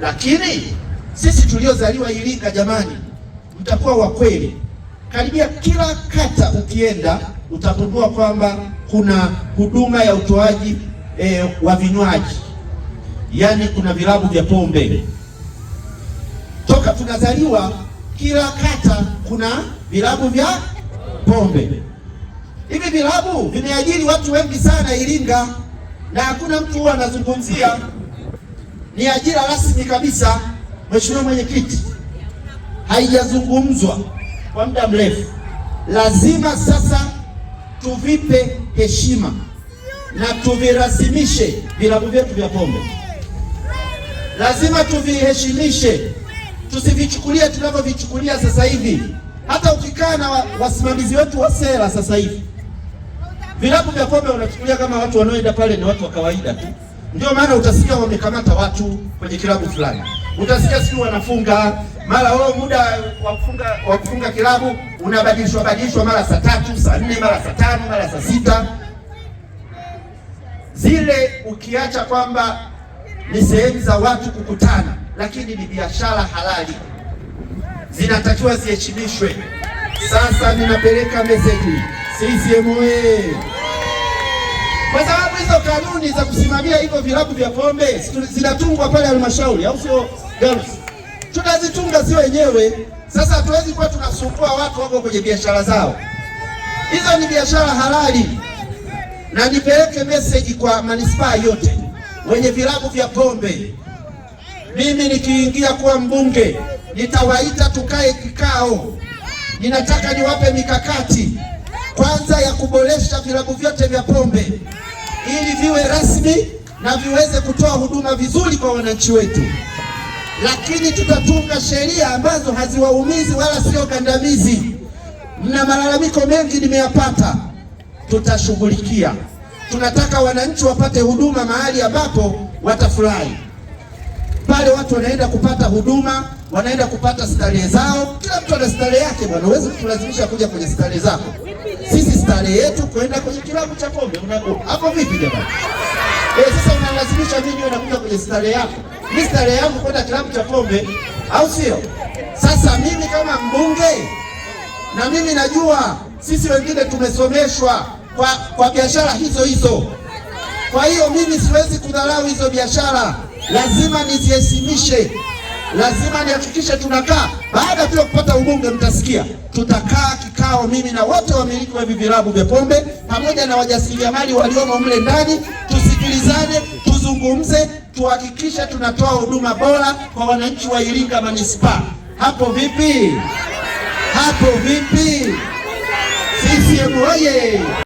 Lakini sisi tuliozaliwa Iringa, jamani, mtakuwa wa kweli. Karibia kila kata ukienda utagundua kwamba kuna huduma ya utoaji e, wa vinywaji, yaani kuna vilabu vya pombe. Toka tunazaliwa kila kata kuna vilabu vya pombe. Hivi vilabu vimeajiri watu wengi sana Iringa, na hakuna mtu huwa anazungumzia ni ajira rasmi kabisa. Mheshimiwa Mwenyekiti, haijazungumzwa kwa muda mrefu, lazima sasa tuvipe heshima na tuvirasimishe vilabu vyetu vya pombe, lazima tuviheshimishe, tusivichukulie tunavyovichukulia sasa hivi. Hata ukikaa na wasimamizi wetu wa sera sasa hivi, vilabu vya pombe unachukulia kama watu wanaoenda pale ni watu wa kawaida tu. Ndio maana utasikia wamekamata watu kwenye kilabu fulani, utasikia siku wanafunga mara wao, muda wa kufunga wa kufunga kilabu unabadilishwa badilishwa mara saa tatu, saa nne, mara saa tano, mara saa sita, zile ukiacha kwamba ni sehemu za watu kukutana, lakini ni biashara halali, zinatakiwa ziheshimishwe. Sasa ninapeleka meseji CCM kwa sababu hizo kanuni za kusimamia hivyo vilabu vya pombe zinatungwa pale halmashauri, au sio? tunazitunga si wenyewe. Sasa hatuwezi kuwa tunasumbua watu wako kwenye biashara zao, hizo ni biashara halali. Na nipeleke meseji kwa manispaa yote, wenye vilabu vya pombe, mimi nikiingia kuwa mbunge nitawaita tukae kikao. Ninataka niwape mikakati kwanza ya kuboresha vilabu vyote vya pombe ili viwe rasmi na viweze kutoa huduma vizuri kwa wananchi wetu, lakini tutatunga sheria ambazo haziwaumizi wala sio kandamizi. Mna malalamiko mengi nimeyapata, tutashughulikia. Tunataka wananchi wapate huduma mahali ambapo watafurahi pale watu wanaenda kupata huduma, wanaenda kupata starehe zao. Kila mtu ana starehe yake bwana, huwezi kutulazimisha kuja kwenye starehe zako sare yetu kwenda kwenye kilabu cha pombe. Hapo vipi jamani? Eh, sasa unalazimisha mimi nakuja kwenye sare yako, mimi sare yangu kwenda kilabu cha pombe, au sio? Sasa mimi kama mbunge, na mimi najua sisi wengine tumesomeshwa kwa, kwa biashara hizo hizo. Kwa hiyo mimi siwezi kudharau hizo biashara, lazima niziheshimishe lazima nihakikishe tunakaa. Baada tu ya kupata ubunge, mtasikia tutakaa kikao, mimi na wote wamiliki wa hivi vilabu vya pombe pamoja na wajasiriamali waliomo mle ndani, tusikilizane, tuzungumze, tuhakikishe tunatoa huduma bora kwa wananchi wa Iringa manispaa. Hapo vipi? Hapo vipi? Sisi oye!